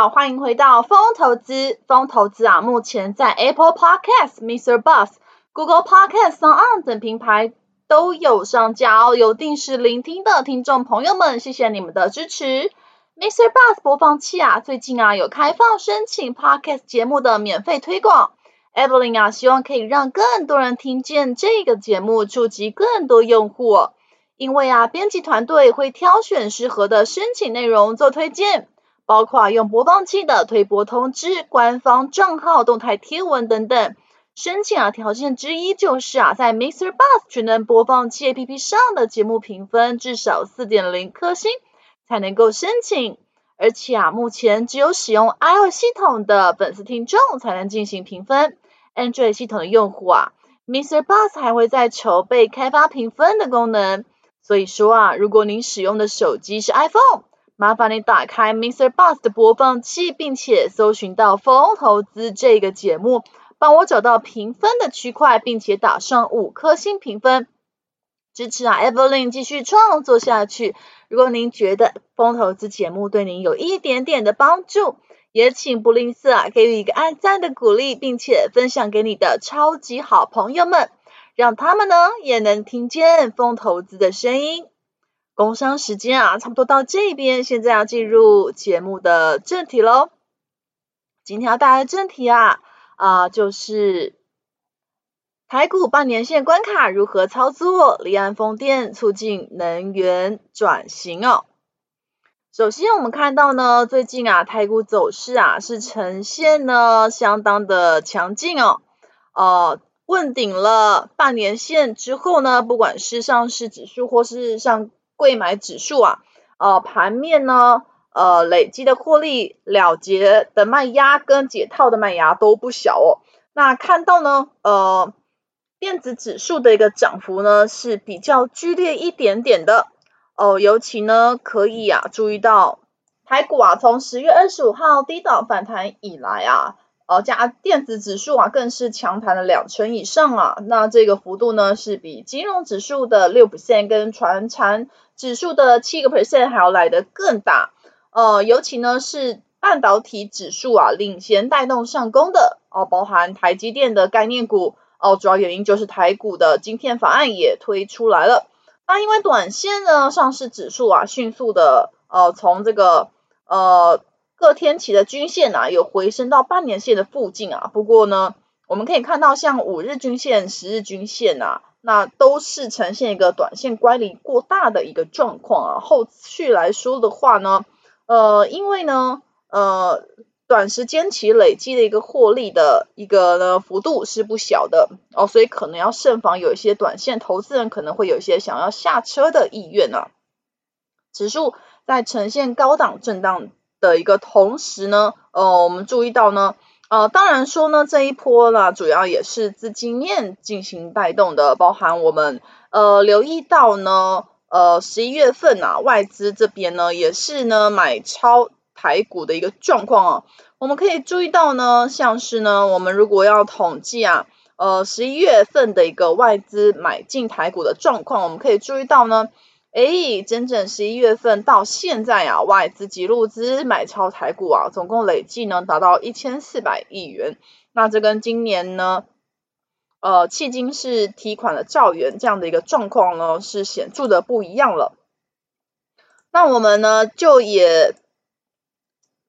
好，歡迎回到瘋投資，瘋投資啊，目前在 Apple Podcast、Mr. Bus、Google Podcast SoundOn 等平台都有上架哦。有定時聆聽的聽眾朋友們，謝謝你們的支持。Mr. Bus 播放器啊，最近啊有開放申請 Podcast 節目的免費推廣。Evelyn 啊，希望可以讓更多人聽見這個節目，觸及更多用戶。因為啊，編輯團隊會挑選適合的申請內容做推薦。包括啊，用播放器的推播通知、官方賬號動態貼文等等。申請啊條件之一就是啊，在 Mr. Buzz 智能播放器 A P P 上的節目評分至少四點零顆星才能夠申請。而且啊，目前只有使用 iOS 系統的粉絲聽眾才能進行評分。Android 系統的用戶啊，Mr. Buzz 還會在籌備開發評分的功能。所以說啊，如果您使用的手機是 iPhone。麻煩你打開 Mister Bus 的播放器，並且搜尋到《瘋投資》這個節目，幫我找到評分的區塊，並且打上五顆星評分，支持啊，Evelyn 繼續創作下去。如果您覺得《瘋投資》節目對您有一點點的幫助，也請不吝嗇啊，給予一個按讚的鼓勵，並且分享給你的超級好朋友們，讓他們呢也能聽見瘋投資的聲音。工商時間啊，差不多到這邊，現在要進入節目的正題嘍。今天要帶來的正題啊，啊、呃，就是台股半年線關卡如何操作？離岸風電促進能源轉型哦。首先，我們看到呢，最近啊，台股走勢啊是呈現呢相當的強勁哦。哦、呃，問鼎了半年線之後呢，不管是上市指數或是上櫃買指數啊，呃，盤面呢，呃，累積的獲利了結的賣壓跟解套的賣壓都不小哦。那看到呢，呃，電子指數的一個漲幅呢是比較劇烈一點點的哦。呃，尤其呢可以啊注意到，台股啊從十月二十五號低檔反彈以來啊。哦，加電子指數啊，更是強彈了兩成以上啊！那這個幅度呢，是比金融指數的六個 percent 跟傳產指數的七個 percent 還要來得更大。呃，尤其呢是半導體指數啊，領先帶動上攻的哦，包含台積電的概念股哦。主要原因就是台股的晶片法案也推出來了。那因為短線呢，上市指數啊，迅速的，呃，從這個呃。各天期的均線啊，有回升到半年線的附近啊。不過呢，我們可以看到，像五日均線、十日均線啊，那都是呈現一個短線乖離過大的一個狀況啊。後續來說的話呢，呃，因為呢，呃，短時間其累積的一個獲利的一個呢幅度是不小的哦，所以可能要慎防有一些短線投資人可能會有一些想要下車的意願啊。指數在呈現高檔震盪，的一個同時呢，呃，我們注意到呢，呃，當然說呢，這一波呢，主要也是資金面進行帶動的，包含我們呃留意到呢，呃，十一月份啊，外資這邊呢也是呢買超台股的一個狀況啊，我們可以注意到呢，像是呢，我們如果要統計啊，呃，十一月份的一個外資買進台股的狀況，我們可以注意到呢。哎，整整十一月份到現在啊，外資及入資買超台股啊，總共累計呢達到一千四百億元。那這跟今年呢，呃，迄今是提款的兆元這樣的一個狀況呢，是顯著的不一樣了。那我們呢，就也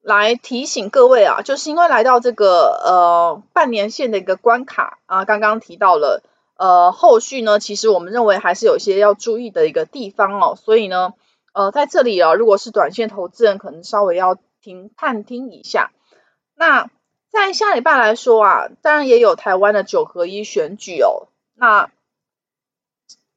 來提醒各位啊，就是因為來到這個呃半年線的一個關卡啊，剛剛提到了。呃，後續呢，其實我們認為還是有一些要注意的一個地方哦，所以呢，呃，在這裡啊，如果是短線投資人，可能稍微要聽探聽一下。那在下禮拜來說啊，當然也有台灣的九合一選舉哦，那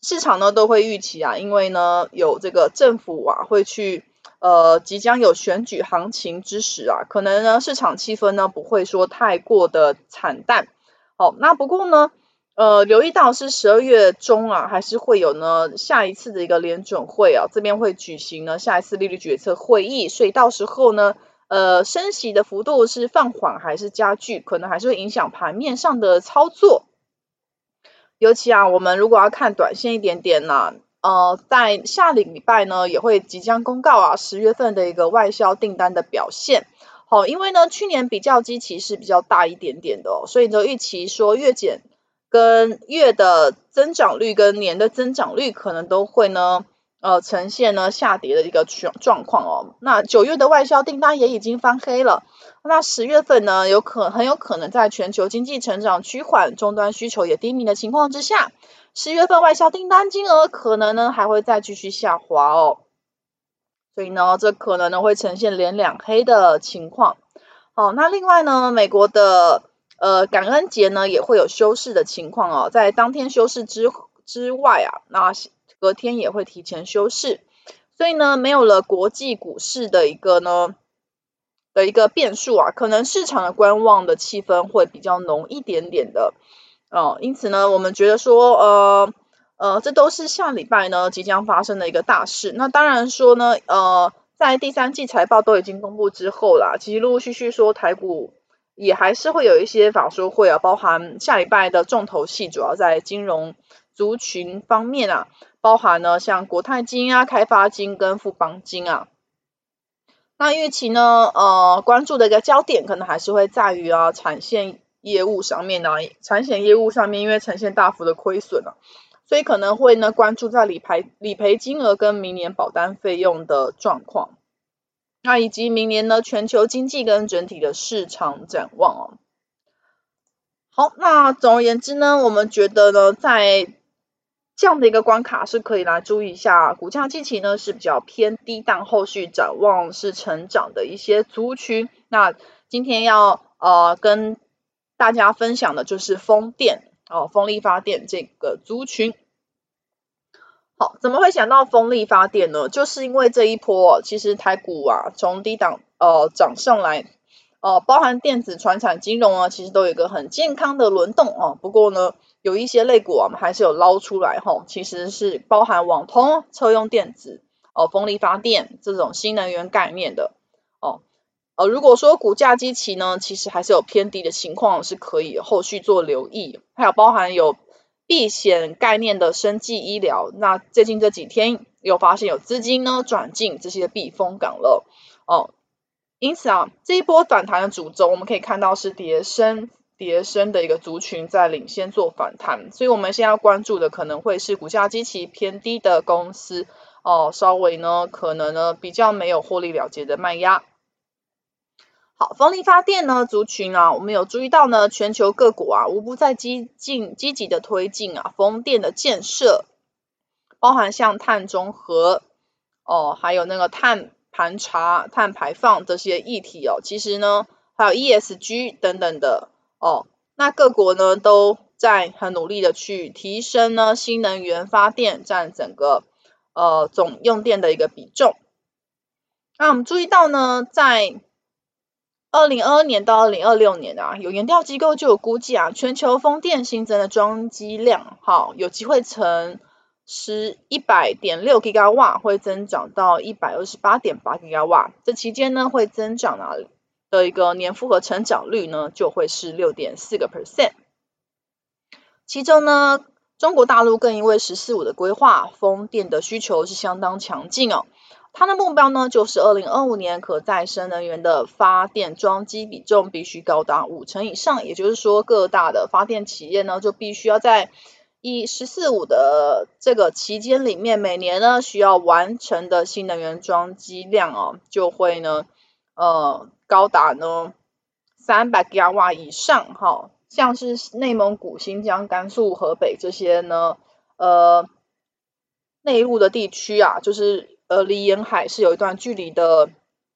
市場呢都會預期啊，因為呢有這個政府啊會去呃即將有選舉行情之時啊，可能呢市場氣氛呢不會說太過的慘淡。好，哦，那不過呢。呃，留意到是十二月中啊，還是會有呢下一次的一個聯準會啊，這邊會舉行呢下一次利率決策會議，所以到時候呢，呃，升息的幅度是放緩還是加劇，可能還是會影響盤面上的操作。尤其啊，我們如果要看短線一點點呢、啊，呃，在下禮，禮拜呢也會即將公告啊十月份的一個外銷訂單的表現，好，哦，因為呢去年比較基期是比較大一點點的，哦，所以呢預期說月減。跟月的增長率跟年的增長率可能都會呢呃呈現呢下跌的一個狀狀況哦。那九月的外銷訂單也已經翻黑了。那十月份呢有可很有可能在全球經濟成長趨緩，終端需求也低迷的情況之下，十月份外銷訂單金額可能呢還會再繼續下滑哦。所以呢這可能呢會呈現連兩黑的情況哦。那另外呢美國的。呃，感恩節呢也會有休市的情況哦，在當天休市之之外啊，那隔天也會提前休市，所以呢，沒有了國際股市的一個呢的一個變數啊，可能市場的觀望的氣氛會比較濃一點點的哦，呃。因此呢，我們覺得說，呃呃，這都是下禮拜呢即將發生的一個大事。那當然說呢，呃，在第三季財報都已經公布之後啦，其實陸陸續續說台股。也還是會有一些法說會啊，包含下禮拜的重頭戲，主要在金融族群方面啊，包含呢像國泰金啊、開發金跟富邦金啊。那預期呢，呃，關注的一個焦點可能還是會在於啊產險業務上面呢、啊，產險業務上面因為呈現大幅的虧損了、啊，所以可能會呢關注在理賠理賠金額跟明年保單費用的狀況。那以及明年呢，全球經濟跟整體的市場展望哦。好，那總而言之呢，我們覺得呢，在這樣的一個關卡是可以來注意一下股價近期呢是比較偏低，但後續展望是成長的一些族群。那今天要呃跟大家分享的就是風電哦，風力發電這個族群。好，怎麼會想到風力發電呢？就是因為這一波，其實台股啊，從低檔呃漲上來，呃包含電子、傳產金融啊，其實都有一個很健康的輪動哦、呃。不過呢，有一些類股啊，我們還是有撈出來吼，其實是包含網通、車用電子、哦、呃、風力發電這種新能源概念的哦、呃。呃，如果說股價基期呢，其實還是有偏低的情況，是可以後續做留意，還有包含有。避險概念的生技醫療，那最近這幾天又發現有資金呢轉進這些避風港了哦，因此啊，這一波反彈的主軸我們可以看到是跌深跌深的一個族群在領先做反彈，所以我們現在要關注的可能會是股價基期偏低的公司哦，稍微呢可能呢比較沒有獲利了結的賣壓。好，風力發電呢，族群啊，我們有注意到呢，全球各國啊，無不在積極、積極的推進啊，風電的建設，包含像碳中和哦，還有那個碳盤查、碳排放這些議題哦。其實呢，還有 ESG 等等的哦，那各國呢都在很努力的去提升呢，新能源發電占整個呃總用電的一個比重。那我們注意到呢，在二零二二年到二零二六年啊，有研調機構就有估計啊，全球風電新增的裝機量，好有機會從一百點六吉瓦，會增長到一百二十八點八吉瓦，這期間呢，會增長啊的一個年複合成長率呢，就會是六點四個 percent。其中呢，中國大陸更因為十四五的規劃，風電的需求是相當強勁哦。它的目標呢，就是二零二五年可再生能源的發電裝機比重必須高達五成以上。也就是說，各大的發電企業呢，就必須要在一“十四五”的這個期間裡面，每年呢需要完成的新能源裝機量哦，就會呢，呃，高達呢三百吉瓦以上哦。哈，像是內蒙古、新疆、甘肅、河北這些呢，呃，內陸的地區啊，就是。呃，離沿海是有一段距離的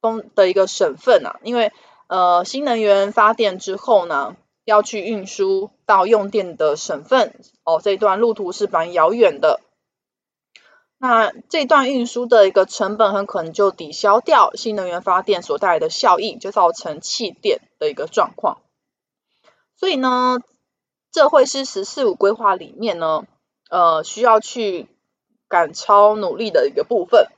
風的一個省份啊，因為呃，新能源發電之後呢，要去運輸到用電的省份，哦，這一段路途是蠻遙遠的。那這段運輸的一個成本很可能就抵消掉新能源發電所帶來的效益，就造成棄電的一個狀況。所以呢，這會是“十四五”規劃裡面呢，呃，需要去趕超努力的一個部分。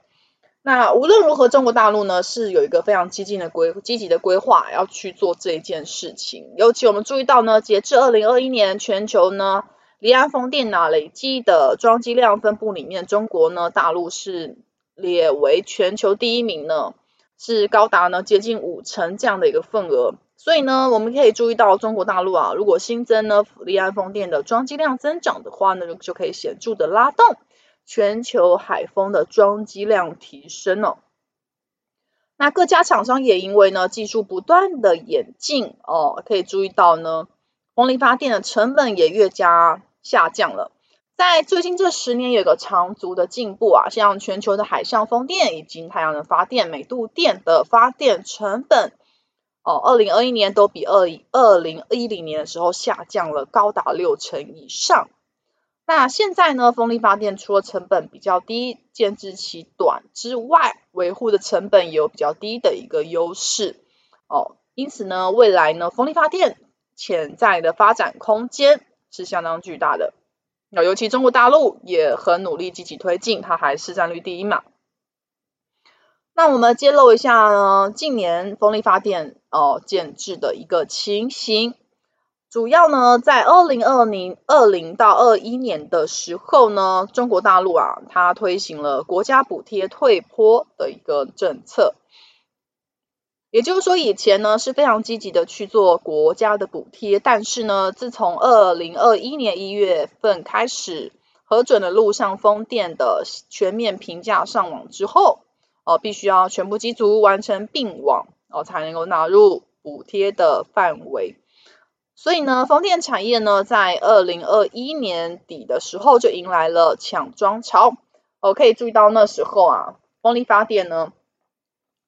那無論如何，中國大陸呢是有一個非常激進的規，積極的規劃，要去做這一件事情。尤其我們注意到呢，截至二零二一年，全球呢離岸風電呢啊累計的裝機量分布裡面，中國呢大陸是列為全球第一名呢，是高達呢接近五成這樣的一個份額。所以呢，我們可以注意到中國大陸啊，如果新增呢離岸風電的裝機量增長的話呢，就可以顯著的拉動。全球海風的裝機量提升了，哦，那各家廠商也因為呢技術不斷的演進哦，可以注意到呢，風力發電的成本也越加下降了。在最近這十年有個長足的進步啊，像全球的海上風電以及太陽能發電每度電的發電成本哦，二零二一年都比二零二零一零年的時候下降了高達六成以上。那現在呢，風力發電除了成本比較低、建置期短之外，維護的成本也有比較低的一個優勢哦。因此呢，未來呢，風力發電潛在的發展空間是相當巨大的。那尤其中國大陸也很努力積極推進，它還是佔率第一嘛。那我們揭露一下呢，近年風力發電哦，建置的一個情形。主要呢，在二零二零二零到二一年的時候呢，中國大陸啊，它推行了國家補貼退坡的一個政策。也就是說，以前呢是非常積極的去做國家的補貼，但是呢，自從二零二一年一月份開始核准了陸上風電的全面平價上網之後，哦、呃，必須要全部機組完成並網，哦、呃，才能夠納入補貼的範圍。所以呢，風電產業呢，在二零二一年底的時候就迎來了搶裝潮。我、哦、可以注意到那時候啊，風力發電呢，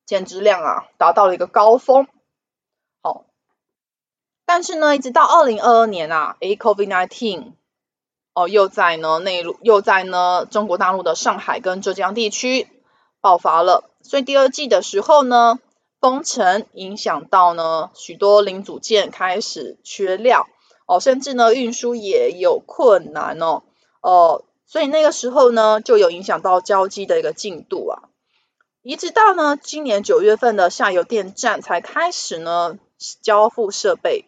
減值量啊達到了一個高峰。好、哦，但是呢，一直到二零二二年啊，誒 COVID nineteen，哦，又在呢內陸，又在呢中國大陸的上海跟浙江地區爆發了。所以第二季的時候呢，封城影響到呢許多零組件開始缺料哦，甚至呢運輸也有困難哦哦、呃，所以那個時候呢就有影響到交機的一個進度啊。一直到呢今年九月份的下游電站才開始呢交付設備，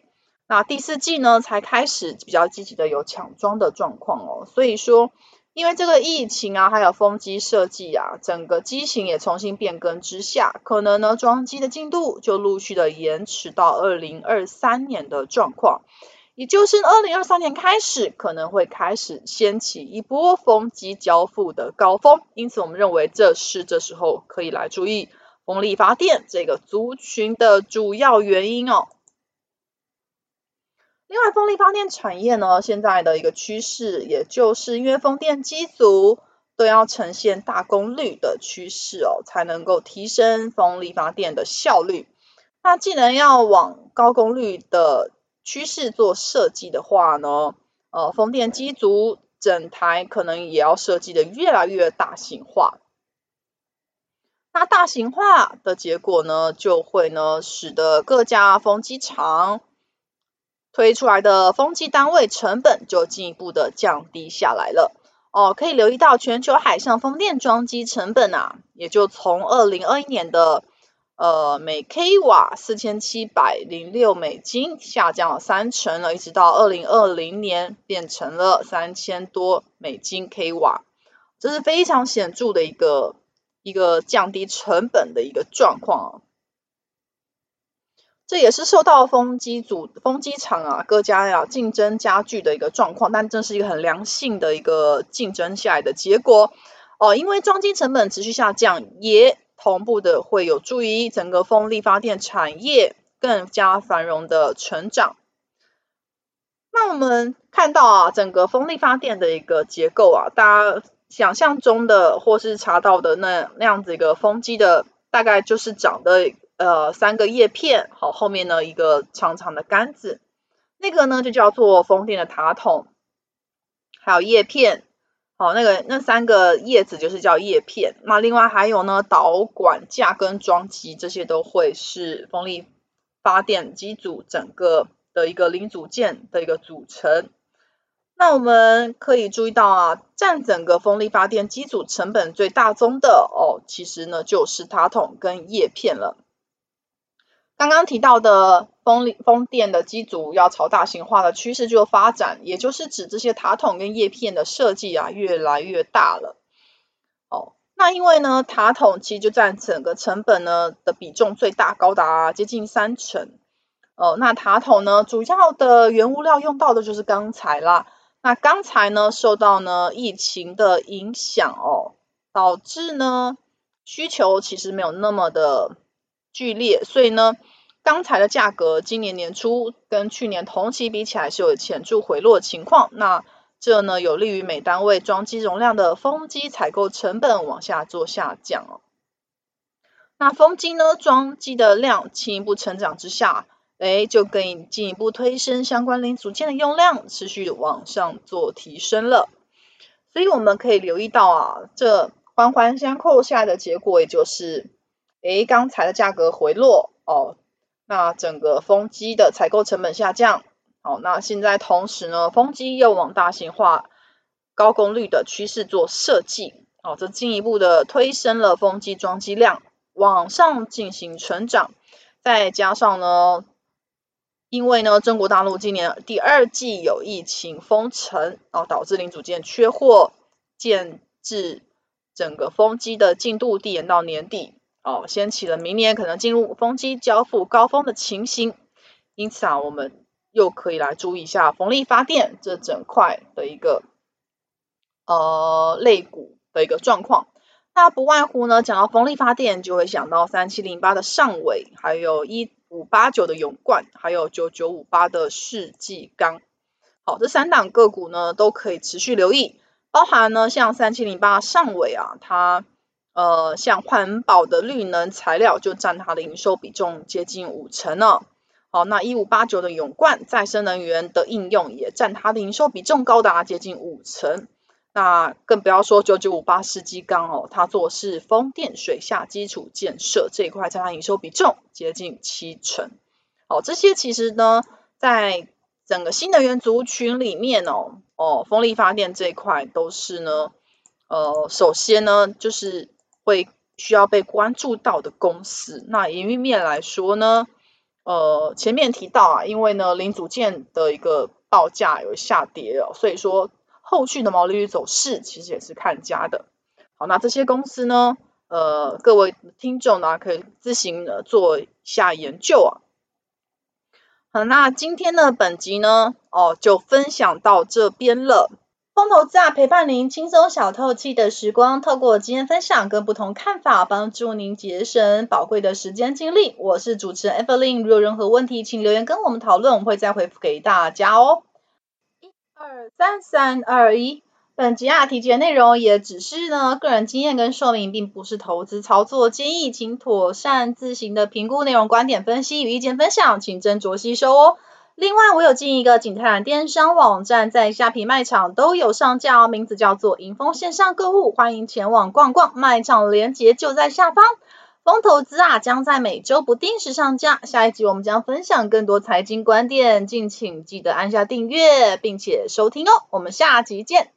那第四季呢才開始比較積極的有搶裝的狀況哦，所以說。因為這個疫情啊，還有風機設計啊，整個機型也重新變更之下，可能呢裝機的進度就陸續的延遲到二零二三年的狀況，也就是二零二三年開始可能會開始掀起一波風機交付的高峰，因此我們認為這是這時候可以來注意風力發電這個族群的主要原因哦。另外，風力發電產業呢，現在的一個趨勢，也就是因為風電機組都要呈現大功率的趨勢哦，才能夠提升風力發電的效率。那既然要往高功率的趨勢做設計的話呢，呃，風電機組整台可能也要設計的越來越大型化。那大型化的結果呢，就會呢，使得各家風機廠，推出來的風機單位成本就進一步的降低下來了。哦，可以留意到全球海上風電裝機成本啊，也就從二零二一年的呃每 k 瓦四千七百零六美金下降了三成了，一直到二零二零年變成了三千多美金 k 瓦，這是非常顯著的一個一個降低成本的一個狀況啊。這也是受到風機組、風機廠啊各家呀、啊、競爭加劇的一個狀況，但這是一個很良性的一個競爭下來的結果。哦、呃，因為裝機成本持續下降，也同步的會有助於整個風力發電產業更加繁榮的成長。那我們看到啊，整個風力發電的一個結構啊，大家想象中的或是查到的那那樣子一個風機的，大概就是長得。呃，三個葉片，好，後面呢，一個長長的桿子，那個呢就叫做風電的塔筒，還有葉片，好，那個那三個葉子就是叫葉片。那另外還有呢導管架跟樁基這些都會是風力發電機組整個的一個零組件的一個組成。那我們可以注意到啊，佔整個風力發電機組成本最大宗的哦，其實呢就是塔筒跟葉片了。剛剛提到的風力風電的機組要朝大型化的趨勢就發展，也就是指這些塔筒跟葉片的設計啊越來越大了。哦，那因為呢塔筒其實就占整個成本呢的比重最大，高達接近三成。哦，那塔筒呢主要的原物料用到的就是鋼材啦。那鋼材呢受到呢疫情的影響哦，導致呢需求其實沒有那麼的劇烈，所以呢。鋼材的價格今年年初跟去年同期比起來是有顯著回落的情況，那這呢有利於每單位裝機容量的風機採購成本往下做下降哦。那風機呢裝機的量進一步成長之下，誒、哎、就可以進一步推升相關零組件的用量持續往上做提升了。所以我們可以留意到啊，這環環相扣下來的結果也就是，誒、哎、鋼材的價格回落哦。那整個風機的採購成本下降，好、哦，那現在同時呢，風機又往大型化、高功率的趨勢做設計，哦，這進一步的推升了風機裝機量往上進行成長，再加上呢，因為呢，中國大陸今年第二季有疫情封城，哦，導致零組件缺貨，甚至整個風機的進度遞延到年底。哦，掀起了明年可能進入風機交付高峰的情形，因此啊，我們又可以來注意一下風力發電這整塊的一個呃類股的一個狀況。那不外乎呢，講到風力發電，就會想到三七零八的上緯，還有一五八九的永冠，還有九九五八的世紀鋼。好、哦，這三檔個股呢都可以持續留意，包含呢像三七零八上緯啊，它。呃，像環保的綠能材料就占它的營收比重接近五成了。好，那一五八九的永冠再生能源的應用也占它的營收比重高達接近五成。那更不要說九九五八世紀鋼哦，它做是風電水下基礎建設這一塊，占它營收比重接近七成。好，這些其實呢，在整個新能源族群裡面哦，哦，風力發電這一塊都是呢，呃，首先呢，就是會需要被關注到的公司，那營運面來說呢，呃，前面提到啊，因為呢，零組件的一個報價有下跌了，所以說後續的毛利率走勢其實也是看家的。好，那這些公司呢，呃，各位聽眾呢可以自行做一下研究啊。好，那今天呢，本集呢，哦，就分享到這邊了。瘋投資啊，陪伴您輕鬆小透氣的時光，透過經驗分享跟不同看法，幫助您節省寶貴的時間精力。我是主持人 Evelyn，如有任何問題，請留言跟我們討論，我們會再回復給大家哦。一二三三二一，本集啊，提及的內容也只是呢個人經驗跟說明，並不是投資操作建議，請妥善自行的評估內容觀點分析與意見分享，請斟酌吸收哦。另外，我有進一個景泰藍電商網站，在蝦皮賣場都有上架哦，名字叫做瑩豐線上購物，歡迎前往逛逛，賣場連結就在下方。瘋投資啊，將在每周不定時上架，下一集我們將分享更多財經觀點，敬請記得按下訂閱並且收聽哦，我們下集見。